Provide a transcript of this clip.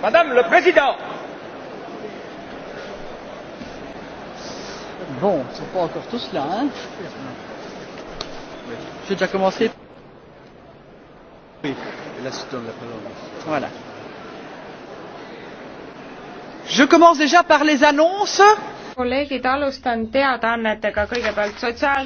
Madame le Président Bon, ils ne sont pas encore tous là, hein J'ai déjà commencé. Oui, et là, je donne la parole. Voilà. Je commence déjà par les annonces. kolleegid, alustan teadaannetega kõigepealt sotsiaal-